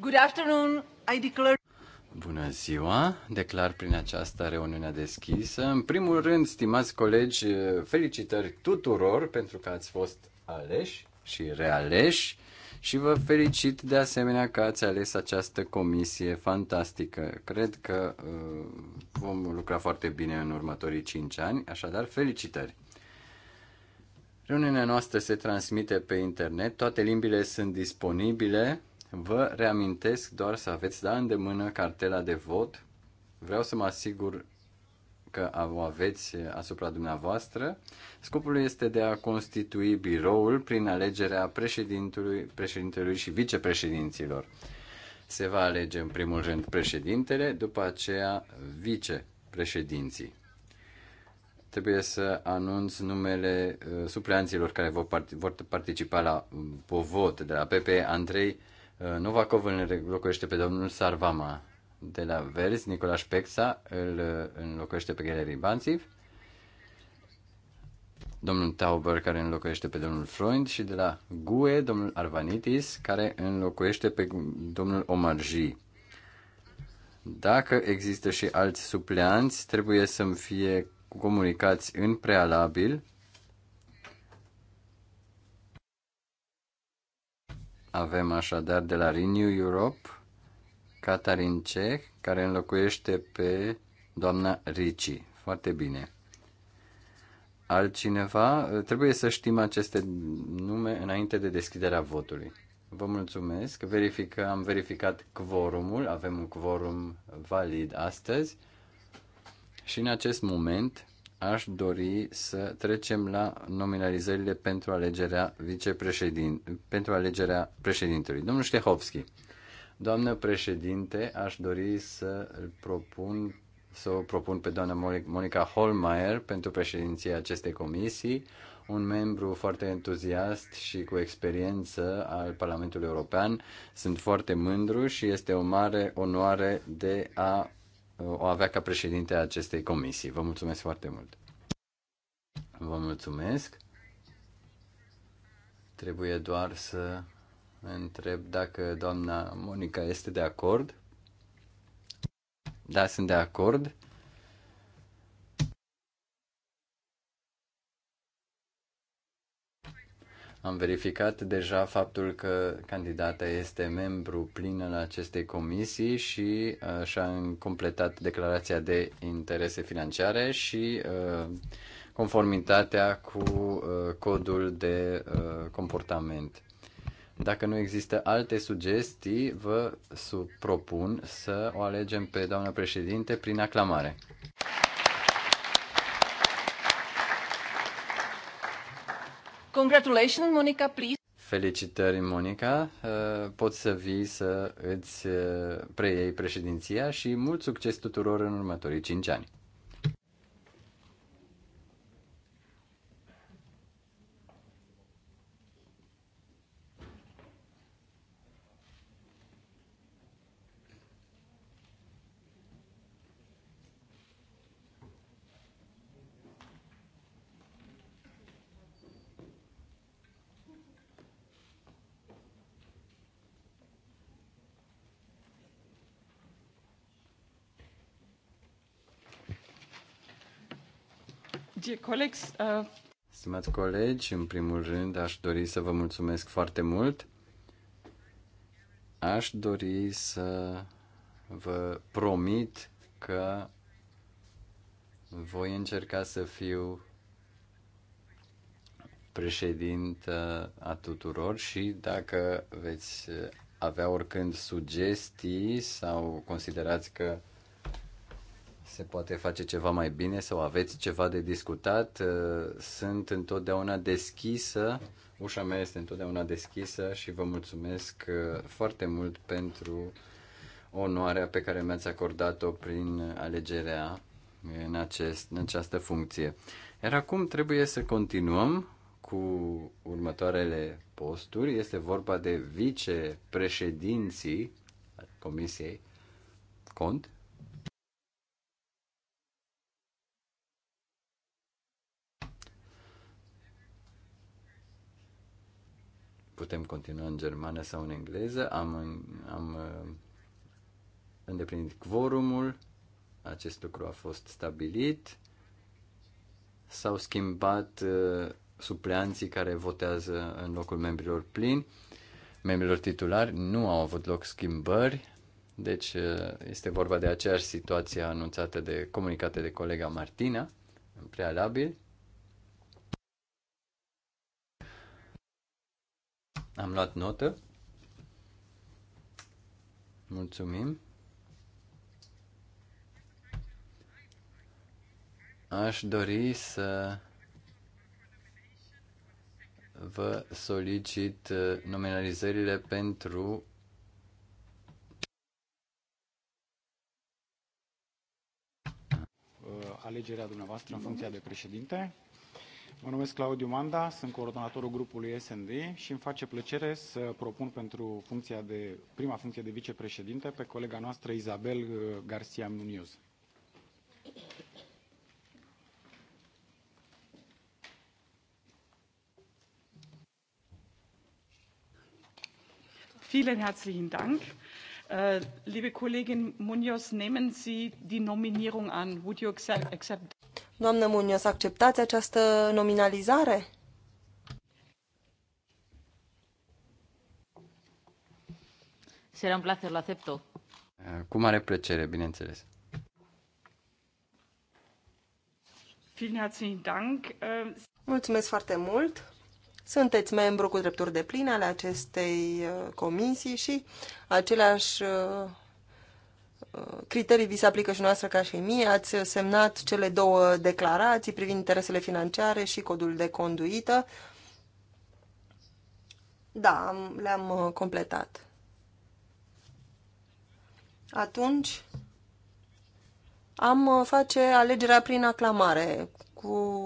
Good afternoon. I declare... Bună ziua! Declar prin această reuniune deschisă. În primul rând, stimați colegi, felicitări tuturor pentru că ați fost aleși și realeși și vă felicit de asemenea că ați ales această comisie fantastică. Cred că uh, vom lucra foarte bine în următorii 5 ani, așadar felicitări! Reuniunea noastră se transmite pe internet, toate limbile sunt disponibile Vă reamintesc doar să aveți la îndemână cartela de vot. Vreau să mă asigur că o aveți asupra dumneavoastră. Scopul este de a constitui biroul prin alegerea președintelui, președintelui și vicepreședinților. Se va alege în primul rând președintele, după aceea vicepreședinții. Trebuie să anunț numele uh, supleanților care vor, part- vor participa la um, vot de la PP Andrei Uh, Novakov îl înlocuiește pe domnul Sarvama. De la Verzi, Nicolaș Pexa îl uh, înlocuiește pe Galerii Banțiv. Domnul Tauber, care înlocuiește pe domnul Freund și de la GUE, domnul Arvanitis, care înlocuiește pe domnul Omarji. Dacă există și alți supleanți, trebuie să-mi fie comunicați în prealabil Avem așadar de la Renew Europe Catarin Ceh, care înlocuiește pe doamna Ricci. Foarte bine. Altcineva? Trebuie să știm aceste nume înainte de deschiderea votului. Vă mulțumesc. Verifică, am verificat quorumul. Avem un quorum valid astăzi. Și în acest moment aș dori să trecem la nominalizările pentru alegerea, vicepreședin, pentru alegerea președintelui. Domnul Ștehovski, doamnă președinte, aș dori să propun să o propun pe doamna Monica Holmeier pentru președinția acestei comisii, un membru foarte entuziast și cu experiență al Parlamentului European. Sunt foarte mândru și este o mare onoare de a o avea ca președinte a acestei comisii. Vă mulțumesc foarte mult. Vă mulțumesc. Trebuie doar să întreb dacă doamna Monica este de acord. Da, sunt de acord. Am verificat deja faptul că candidata este membru plin la acestei comisii și uh, și-a completat declarația de interese financiare și uh, conformitatea cu uh, codul de uh, comportament. Dacă nu există alte sugestii, vă propun să o alegem pe doamna președinte prin aclamare. Congratulations, Monica, please! Felicitări, Monica! Uh, poți să vii să îți uh, preiei președinția și mult succes tuturor în următorii 5 ani! Dear colleagues, uh... Stimați colegi, în primul rând aș dori să vă mulțumesc foarte mult. Aș dori să vă promit că voi încerca să fiu președintă a tuturor și dacă veți avea oricând sugestii sau considerați că se poate face ceva mai bine sau aveți ceva de discutat, uh, sunt întotdeauna deschisă, ușa mea este întotdeauna deschisă și vă mulțumesc uh, foarte mult pentru onoarea pe care mi-ați acordat-o prin alegerea în, acest, în această funcție. Iar acum trebuie să continuăm cu următoarele posturi. Este vorba de vicepreședinții Comisiei Cont putem continua în germană sau în engleză. Am, am uh, îndeplinit quorumul, acest lucru a fost stabilit. S-au schimbat uh, supleanții care votează în locul membrilor plini. Membrilor titulari nu au avut loc schimbări, deci uh, este vorba de aceeași situație anunțată de comunicate de colega Martina în prealabil. Am luat notă. Mulțumim. Aș dori să vă solicit uh, nominalizările pentru uh, alegerea dumneavoastră în funcția de președinte. Mă numesc Claudiu Manda, sunt coordonatorul grupului SND și îmi face plăcere să propun pentru funcția de, prima funcție de vicepreședinte pe colega noastră Isabel uh, Garcia Munoz. Vielen herzlichen Dank. Äh, liebe Kollegin Munoz, nehmen Sie die Nominierung an? Would you accept? accept Doamnă să acceptați această nominalizare? Será un placer, lo acepto. Cu mare plăcere, bineînțeles. Äh, Mulțumesc foarte mult. Sunteți membru cu drepturi de pline ale acestei uh, comisii și aceleași uh, criterii vi se aplică și noastră ca și mie. Ați semnat cele două declarații privind interesele financiare și codul de conduită. Da, le-am uh, completat. Atunci am uh, face alegerea prin aclamare, cu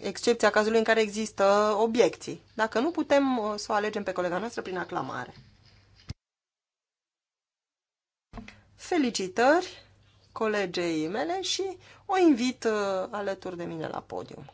excepția cazului în care există obiecții. Dacă nu putem uh, să o alegem pe colega noastră prin aclamare. Felicitări colegei mele și o invit uh, alături de mine la podium.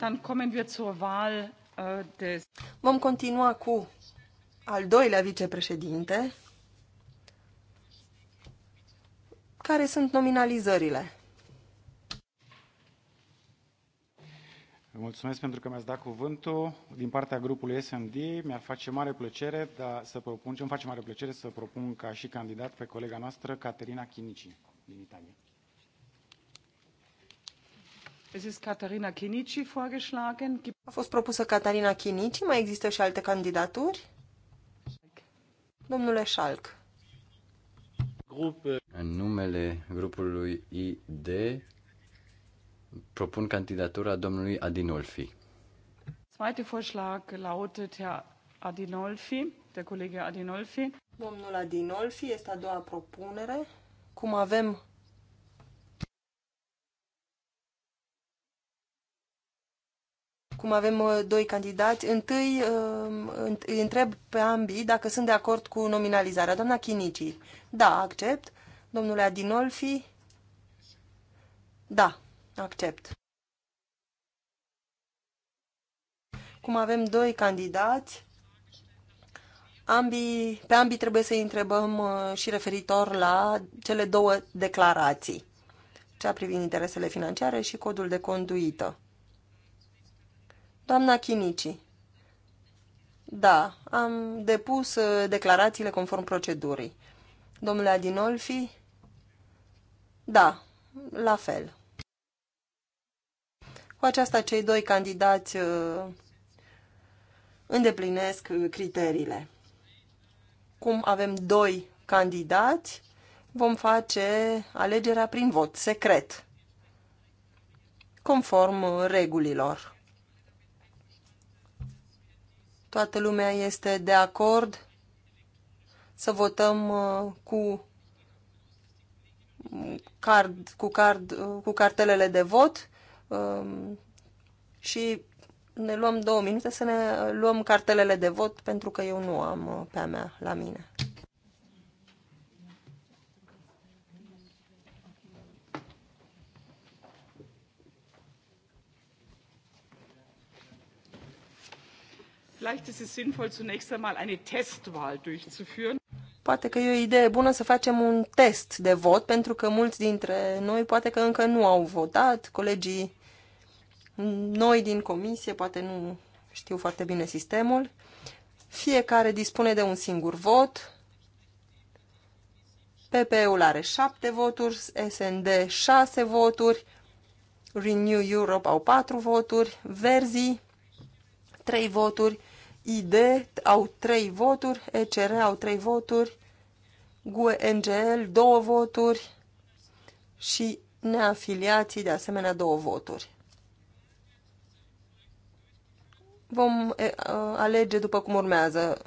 Äh, Vom continua cu al doilea vicepreședinte. Care sunt nominalizările? Mulțumesc pentru că mi-ați dat cuvântul. Din partea grupului SMD mi-ar face mare plăcere da, să propun, ce îmi face mare plăcere să propun ca și candidat pe colega noastră Caterina Chinici din Italia. A fost propusă Catarina Chinici. Mai există și alte candidaturi? Domnule Șalc. În numele grupului ID propun candidatura domnului Adinolfi. Zweite Vorschlag lautet Herr Adinolfi, der Kollege Adinolfi. Domnul Adinolfi este a doua propunere. Cum avem Cum avem uh, doi candidați. Întâi uh, îi întreb pe ambii dacă sunt de acord cu nominalizarea. Doamna Chinici. Da, accept. Domnule Adinolfi. Da, accept. Cum avem doi candidați, ambii, pe ambii trebuie să-i întrebăm uh, și referitor la cele două declarații, cea privind interesele financiare și codul de conduită. Doamna Chinici. Da, am depus uh, declarațiile conform procedurii. Domnule Adinolfi? Da, la fel. Cu aceasta cei doi candidați uh, îndeplinesc uh, criteriile. Cum avem doi candidați, vom face alegerea prin vot secret, conform regulilor. Toată lumea este de acord să votăm uh, cu card, cu, card, uh, cu cartelele de vot um, și ne luăm două minute să ne uh, luăm cartelele de vot pentru că eu nu am pe a mea la mine. vielleicht ist es sinnvoll, zunächst einmal eine Testwahl durchzuführen. Poate că e o idee bună să facem un test de vot, pentru că mulți dintre noi poate că încă nu au votat, colegii noi din comisie poate nu știu foarte bine sistemul. Fiecare dispune de un singur vot. PPE-ul are șapte voturi, SND șase voturi, Renew Europe au patru voturi, Verzi trei voturi ID au trei voturi, ECR au trei voturi, GUE NGL două voturi și neafiliații de asemenea două voturi. Vom alege după cum urmează.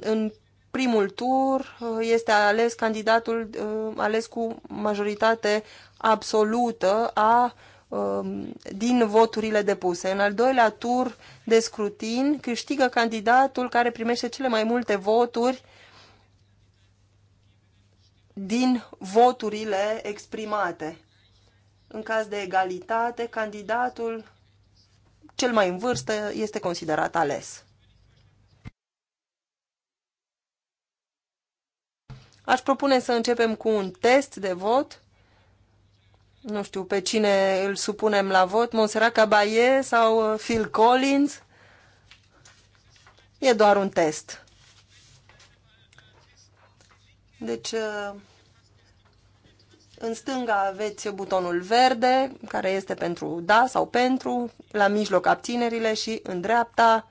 În primul tur este ales candidatul ales cu majoritate absolută a Um, din voturile depuse. În al doilea tur de scrutin câștigă candidatul care primește cele mai multe voturi din voturile exprimate. În caz de egalitate, candidatul cel mai în vârstă este considerat ales. Aș propune să începem cu un test de vot nu știu pe cine îl supunem la vot, Monserrat Caballé sau uh, Phil Collins. E doar un test. Deci, uh, în stânga aveți butonul verde, care este pentru da sau pentru, la mijloc abținerile și în dreapta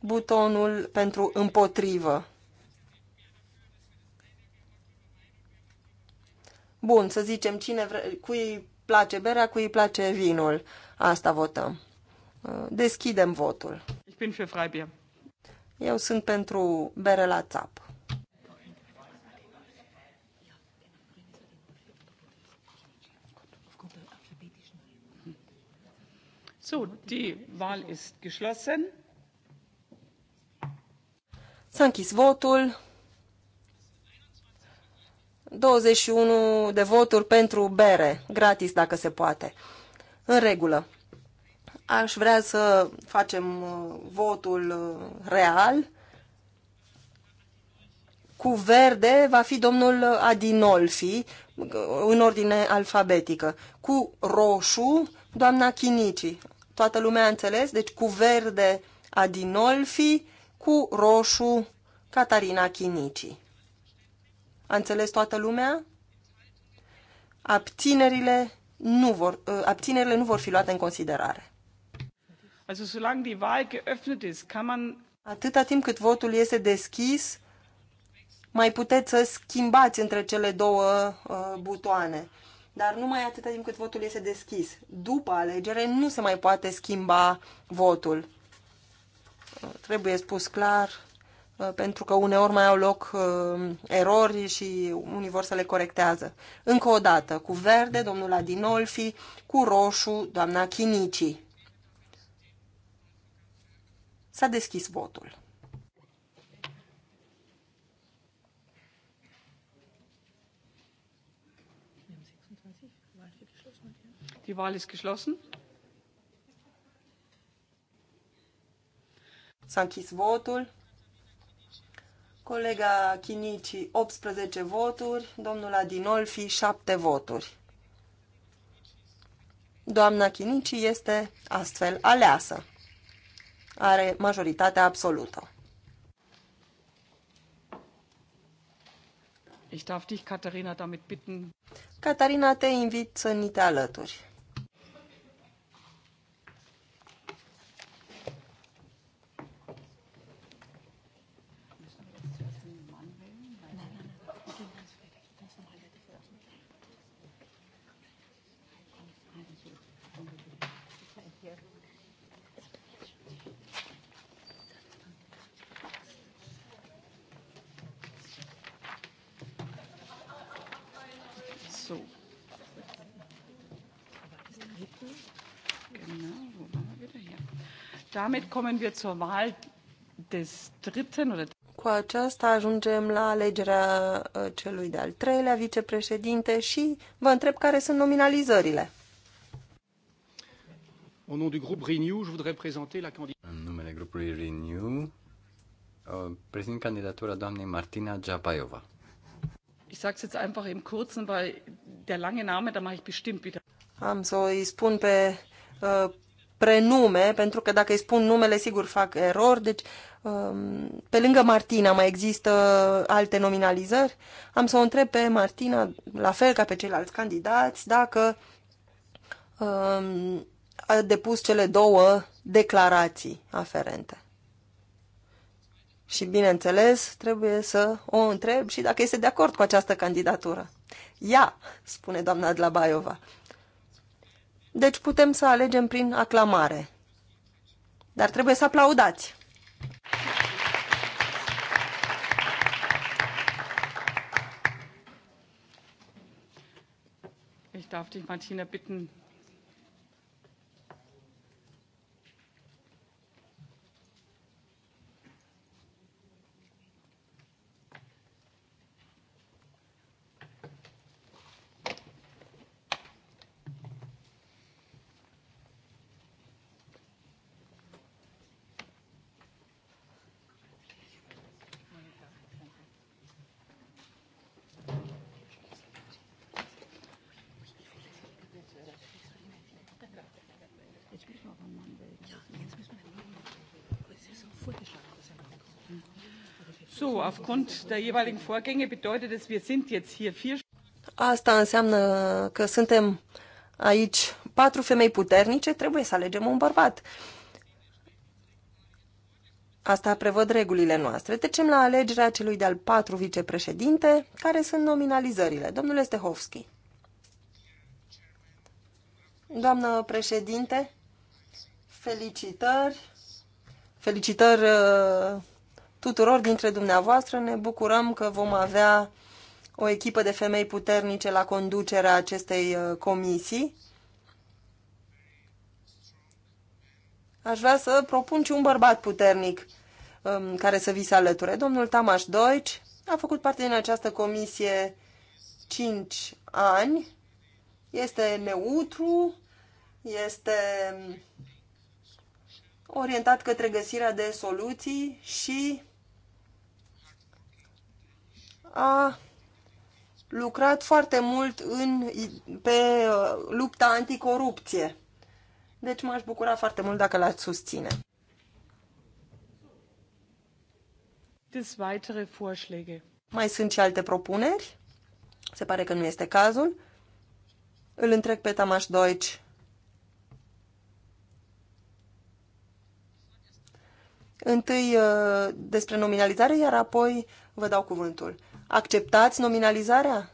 butonul pentru împotrivă. Bun, să zicem cine vre... cui place berea, cui îi place vinul. Asta votăm. Uh, deschidem votul. Ich bin für Freibier. Eu sunt pentru bere la țap. So, die Wahl ist geschlossen. S-a închis votul. 21 de voturi pentru bere, gratis dacă se poate. În regulă. Aș vrea să facem uh, votul uh, real. Cu verde va fi domnul Adinolfi, uh, în ordine alfabetică. Cu roșu, doamna Chinici. Toată lumea a înțeles? Deci cu verde Adinolfi, cu roșu Catarina Chinici. A înțeles toată lumea? Abținerile nu vor, ă, abținerile nu vor fi luate în considerare. Atâta timp cât votul este deschis, mai puteți să schimbați între cele două ă, butoane. Dar numai atâta timp cât votul este deschis. După alegere nu se mai poate schimba votul. Trebuie spus clar Uh, pentru că uneori mai au loc uh, erori și unii vor să le corectează. Încă o dată, cu verde, domnul Adinolfi, cu roșu, doamna Chinici. S-a deschis votul. Die Wahl ist geschlossen. S-a închis votul colega Chinici 18 voturi, domnul Adinolfi 7 voturi. Doamna Chinici este astfel aleasă. Are majoritatea absolută. Ich darf dich, Catarina, damit bitten. Catarina, te invit să ni te alături. Genau, wo waren wir wieder hier? Damit kommen wir zur Wahl des dritten oder cu aceasta ajungem la alegerea uh, celui de-al treilea vicepreședinte și vă întreb care sunt nominalizările. În numele grupului Renew, uh, prezint candidatura doamnei Martina Djabajova. Ich sage es jetzt einfach im Kurzen, weil der lange Name, da mache ich bestimmt wieder. Am să îi spun pe uh, prenume, pentru că dacă îi spun numele, sigur fac erori. Deci, um, pe lângă Martina mai există alte nominalizări. Am să o întreb pe Martina, la fel ca pe ceilalți candidați, dacă um, a depus cele două declarații aferente. Și, bineînțeles, trebuie să o întreb și dacă este de acord cu această candidatură. Ia, spune doamna Dlabaiova. Deci putem să alegem prin aclamare. Dar trebuie să aplaudați. Ich darf dich, Martina, bitten, So, aufgrund der jeweiligen Vorgänge bedeutet es, wir sind jetzt hier vier. Asta înseamnă că suntem aici patru femei puternice, trebuie să alegem un bărbat. Asta prevăd regulile noastre. Trecem la alegerea celui de-al patru vicepreședinte, care sunt nominalizările. Domnule Stehovski. Doamnă președinte, felicitări. Felicitări uh, tuturor dintre dumneavoastră. Ne bucurăm că vom avea o echipă de femei puternice la conducerea acestei uh, comisii. Aș vrea să propun și un bărbat puternic um, care să vi se alăture. Domnul Tamaș Deutsch a făcut parte din această comisie 5 ani. Este neutru, este um, orientat către găsirea de soluții și a lucrat foarte mult în, pe uh, lupta anticorupție. Deci m-aș bucura foarte mult dacă l-ați susține. Mai sunt și alte propuneri? Se pare că nu este cazul. Îl întreg pe Tamaș Deutsch. Întâi uh, despre nominalizare, iar apoi vă dau cuvântul. Acceptați nominalizarea?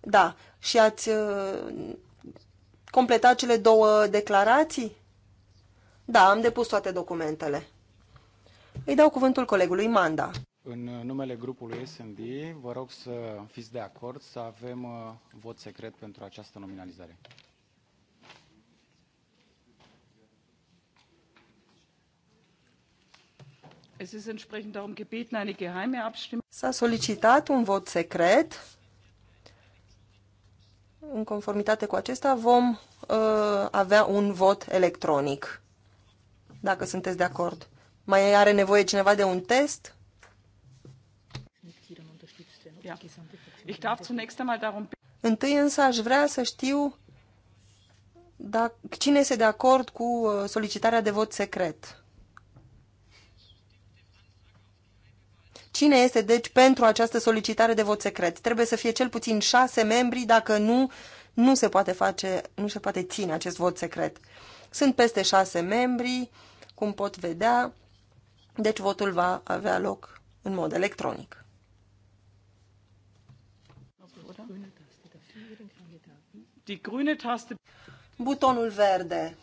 Da. Și ați uh, completat cele două declarații? Da, am depus toate documentele. Îi dau cuvântul colegului Manda. În numele grupului SND, vă rog să fiți de acord să avem uh, vot secret pentru această nominalizare. S-a solicitat un vot secret. În conformitate cu acesta vom uh, avea un vot electronic, dacă sunteți de acord. Mai are nevoie cineva de un test? Întâi însă aș vrea să știu dacă, cine este de acord cu uh, solicitarea de vot secret. Cine este, deci, pentru această solicitare de vot secret? Trebuie să fie cel puțin șase membri, dacă nu, nu se poate face, nu se poate ține acest vot secret. Sunt peste șase membri, cum pot vedea, deci votul va avea loc în mod electronic. Butonul verde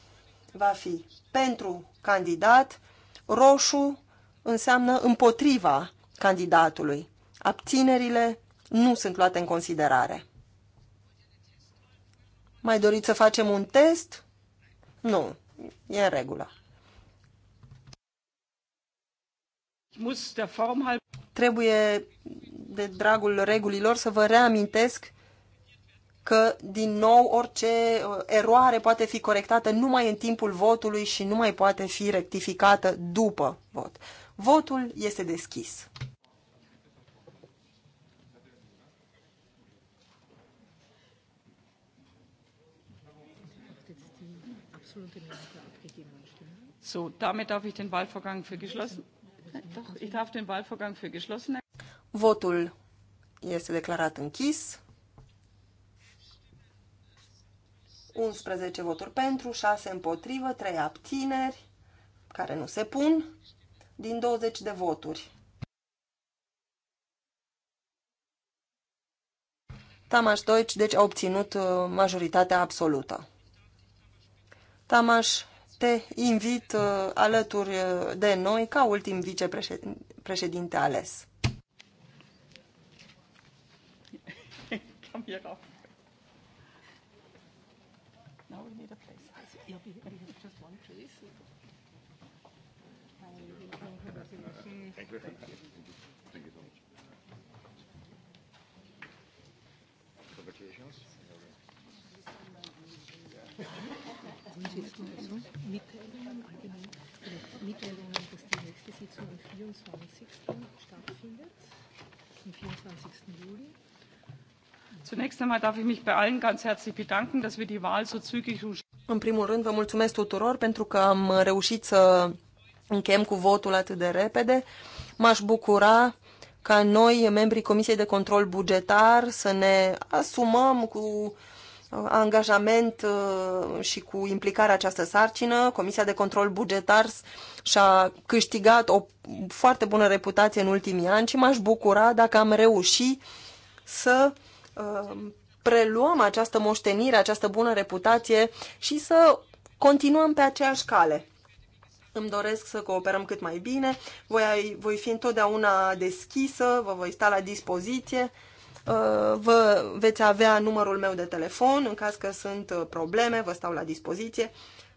va fi pentru candidat, roșu înseamnă împotriva candidatului. Abținerile nu sunt luate în considerare. Mai doriți să facem un test? Nu, e în regulă. Trebuie, de dragul regulilor, să vă reamintesc că, din nou, orice uh, eroare poate fi corectată numai în timpul votului și nu mai poate fi rectificată după vot. Votul este deschis. So, damit darf ich den Wahlvorgang für geschlossen. Doch, ich darf den Wahlvorgang für geschlossen. Votul este declarat închis. 11 voturi pentru, 6 împotrivă, 3 abțineri, care nu se pun, din 20 de voturi. Tamaș Deutsch, deci, a obținut uh, majoritatea absolută. Tamaș, te invit uh, alături uh, de noi ca ultim vicepreședinte ales. Thank you. Thank you. Mitteilungen, dass die nächste Sitzung am 24. stattfindet, am 24. Juli. Zunächst einmal darf ich mich bei allen ganz herzlich bedanken, dass wir die Wahl so zügig und În primul rând, vă mulțumesc tuturor pentru că am reușit să încheiem cu votul atât de repede. M-aș bucura ca noi, membrii Comisiei de Control Bugetar, să ne asumăm cu uh, angajament uh, și cu implicarea această sarcină. Comisia de Control Bugetar și-a câștigat o foarte bună reputație în ultimii ani și m-aș bucura dacă am reușit să uh, preluăm această moștenire, această bună reputație și să continuăm pe aceeași cale. Îmi doresc să cooperăm cât mai bine, voi, voi fi întotdeauna deschisă, vă voi sta la dispoziție Uh, vă veți avea numărul meu de telefon în caz că sunt uh, probleme, vă stau la dispoziție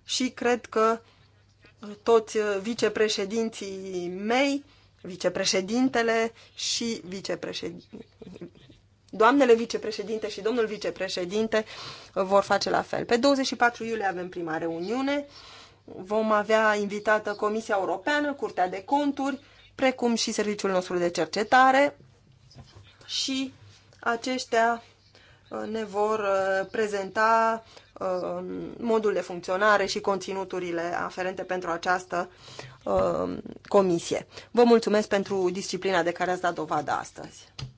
și cred că uh, toți vicepreședinții mei, vicepreședintele și vicepreședinte, doamnele vicepreședinte și domnul vicepreședinte vor face la fel. Pe 24 iulie avem prima reuniune, vom avea invitată Comisia Europeană, Curtea de Conturi, precum și serviciul nostru de cercetare și aceștia uh, ne vor uh, prezenta uh, modul de funcționare și conținuturile aferente pentru această comisie. Vă mulțumesc pentru disciplina de care ați dat dovadă astăzi.